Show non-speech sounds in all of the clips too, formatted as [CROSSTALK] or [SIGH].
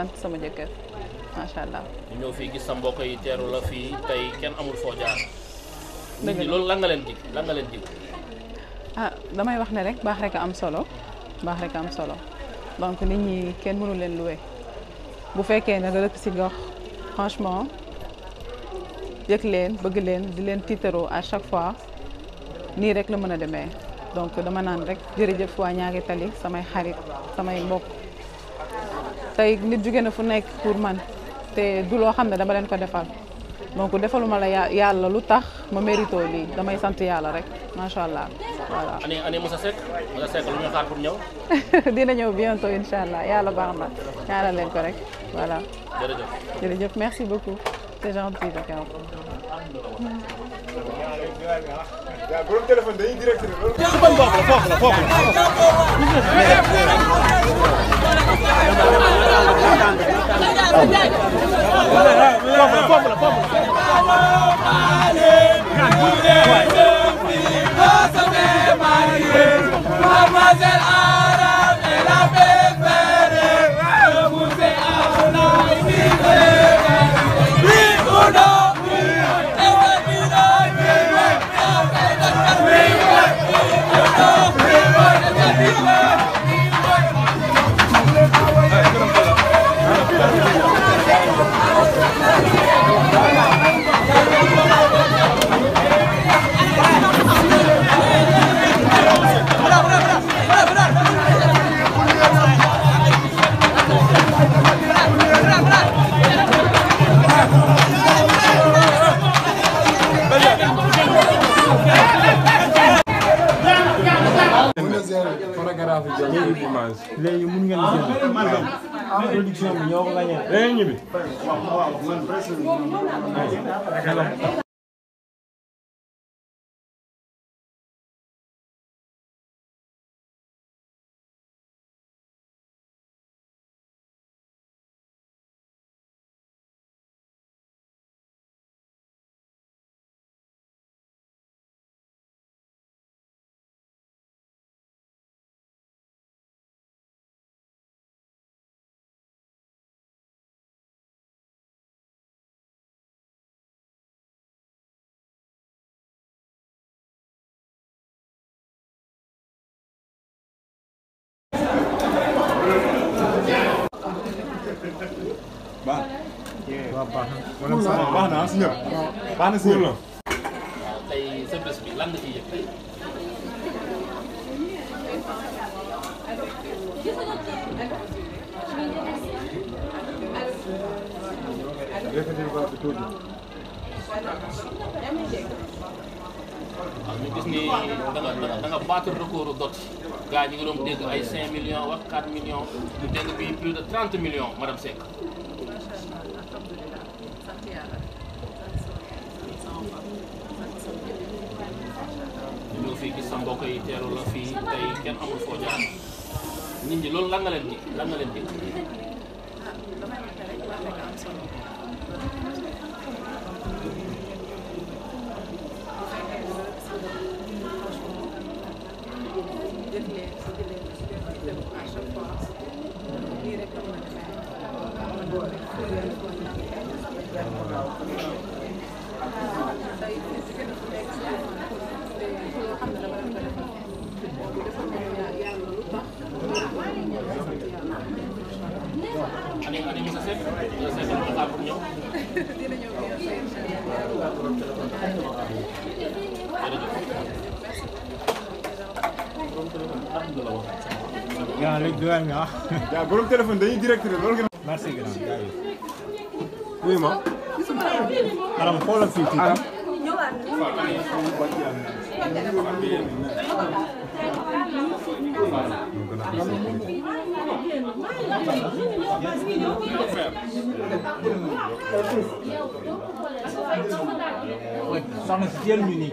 sant sama jëkkër macha allah. ñu ñëw fii gis sa mbokk yi teeru la fii tey kenn amul foo jaar. dëgg la loolu lan nga leen dig lan nga leen dig. ah damay wax ne rek baax rek am solo baax rek am solo donc nit ñi kenn mënu leen loué bu fekkee ne nga dëkk si gox franchement yëg leen bëgg leen di leen tiitaroo à chaque fois nii rek la mën a demee donc dama naan rek jërëjëf waa ñaari tali samay xarit samay mbokk. tey nit jóge na fu nekk pour man te du loo xam ne dama leen ko defal donc defaluma la yàlla lu tax ma mérito lii damay sant yàlla rek macha allah voilà. année année Moussa Seck Moussa Seck lu ñu xaar pour ñëw. [LAUGHS] dina ñëw bientôt incha allah yàlla baax na ñaanal leen ko rek voilà. jërëjëf jërëjëf merci beaucoup c'est gentil de waaw borom téléphone dañuy direct loolu. foofu la foofu la foofu la léegi mun ngeen jënd ah, ah, production bi ñoo ko gañe waaw baax na baax na si ñëpp. baax na si ñëpp. waaw tey sa bés bi lan nga ciy yëg tey. waaw ñu gis ni da nga da nga battre record dot gaa ñi ngi doon dégg ay 5 millions wax 4 millions ñu dégg bi plus de 30 millions madame Seck. sa mbokk yi teeru la fii tey kenn amul foo jaar nit ñi loolu lan nga leen di lan nga leen di. à chaque fois la la waxal. yaa léegi du waay nga ah. borom téléphone dañuy direct rek loolu. merci grand jaajëf. oui ma. alam xoolal fii fii. alam. soxna si jël ñu nii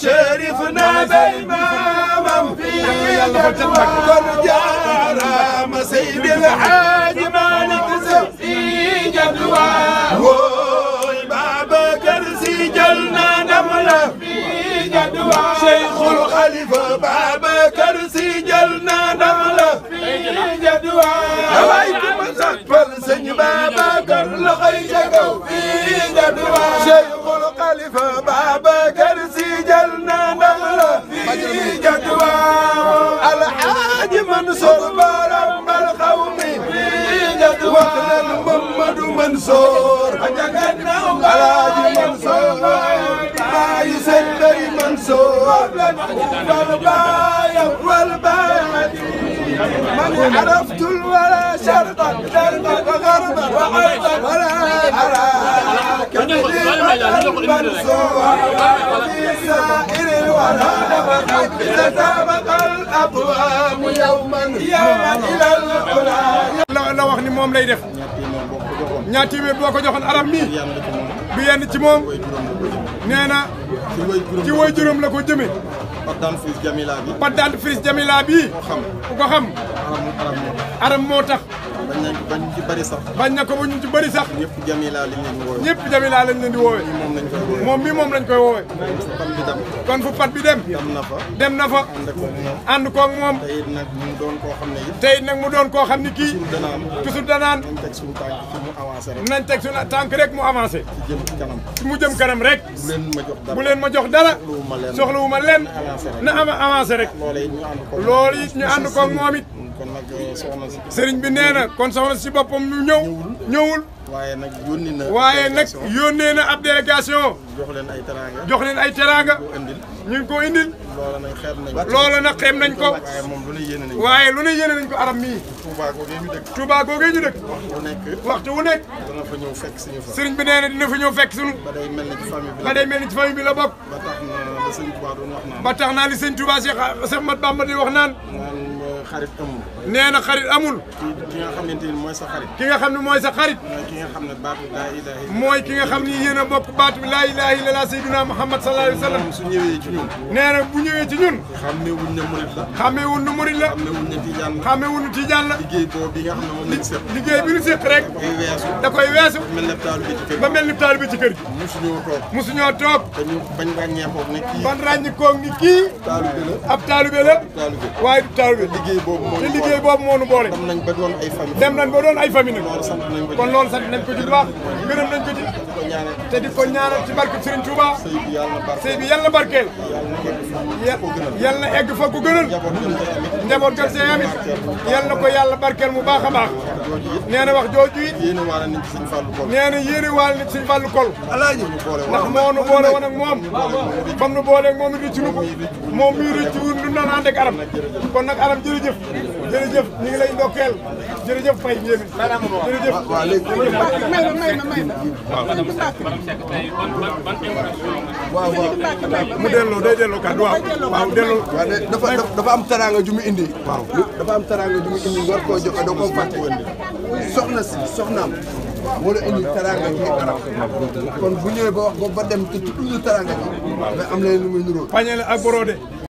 شريفنا بإمام كن جارام سيد الحاج مالك زفي جدواه أكبر سن شيخ الخليفة بابكر سجلنا نغلى في جدوى الحاج منصور برب القوم في جدوى محمد منصور الحاج منصور ما يسلي منصور عرفت الولا شرطا دربا وغربا وعرضا ولا أراك بالمنصور وفي سائر الولا لبقت تسابق الأقوام يوما يوما إلى العلا la wax ni moom lay def ñaati mi boo ko joxoon arab mi du yenn ci moom nee na ci way juróom la ko jëme pâte dentifrice Jamila bi pâte dentifrice Jamila bi ku ko xam arab moo tax bañ nañ ko bañ ci bëri sax bañ na ko ba ñu ci bëri sax ñëpp jamila lañ leen di woowe ñëpp jamila lañ leen di woowe moom lañ koy woowe moom mii lañ koy woowe kon fu pat bi dem dem na fa dem na fa ànd koog moom tey nag mu doon koo xam ne tey nag mu doon koo xam ne kii toujours danaan nañ teg suñu tànk mu avancé rek nañ teg suñu rek mu avancé ci jëm kanam mu jëm kanam rek bu leen ma jox dara soxlawu ma leen na ama avancé rek loolu it ñu ànd koog moom it kon nag euh, soxna si. sëriñ bi nee na kon soxna si boppam ñu ñëw. ñëwul waaye nag yónnee na. waaye nag yónnee na ab délégation. jox leen ay teraanga. jox leen ay teraanga. ñu ngi ko indil. loola na xeeb nañ ko. loola nag xeeb nañ ko. waaye moom lu ne yéene nañ ko. waaye lu ne yéene nañ arab mii. Touba googee ñu dëkk. Touba googee ñu dëkk. waxtu wu nekk. waxtu wu nekk. dina fa fekk suñu fa. sëriñ bi nee na dina fa ñëw fekk suñu. ba day mel bi la ba day mel ni ci famille bi la bokk. ba tax na li wax naa wax naan xarit amul. nee na xarit amul. ki nga xamante ni mooy sa xarit. ki nga xam ne mooy sa xarit. mooy ki nga xam ne baatu laa ilaaha illa mooy ki nga xam ne yéen a bokk baatu laa ilaaha illa laa sayyidina Muhammad sallallahu alayhi wa sallam. su ñëwee ci ñun. nee na bu ñëwee ci ñun. xamee wuñ ne murit la. xamee wuñ ne murit la. xamee wuñ ne tijaan la. xamee wuñ ne tijaan la. liggéey boobu bi nga xam ne moom lañ seq. liggéey bi ñu seq rek. da koy weesu. ba mel ni taalibe ci kër gi. musuñoo toog. musuñoo toog. bañ ràññee koog ni kii. ban ràññee koog ni kii. ab taalibe la. ab taalibe la. waaye du taalibe liggéey boobu moo ñu boole liggéey boobu moo ñu boole. dem nañ ba doon ay famille. ba doon ay famille nag. kon loolu sant nañ ko ci baax gërëm nañ ko ci. te di ko ñaanal ci barke Serigne Touba. sëy bi yàlla barkeel. yàlla na egg fa ku gënal. njaboot kan see amit. yàlla na ko yàlla barkeel mu baax a baax. nee wax jooju it. nee na yéene waale nit Serigne Fallou Kol. ndax moo nu boole woon moom. bam nu boole moom it nu moom mii rëcc wu ñu naan ànd ak kon nag aram jërëjëf jërëjëf jërëjëf ñu ngi lay ndokkeel jërëjëf Faye Ndiémi jërëjëf. waaw léegi may na may na may na. waaw waaw waaw mu delloo day delloo kàddu waaw waaw delloo. dafa dafa am teraanga ju mu indi. waaw dafa am teraanga ju mu indi nga war koo joxe da koo fàtte soxna si soxnaam. moo la indi teraanga yi arab kon bu ñëwee ba wax ba dem te tudd teraanga yi. waaw am na lu muy niróo. pañe la ak borodé.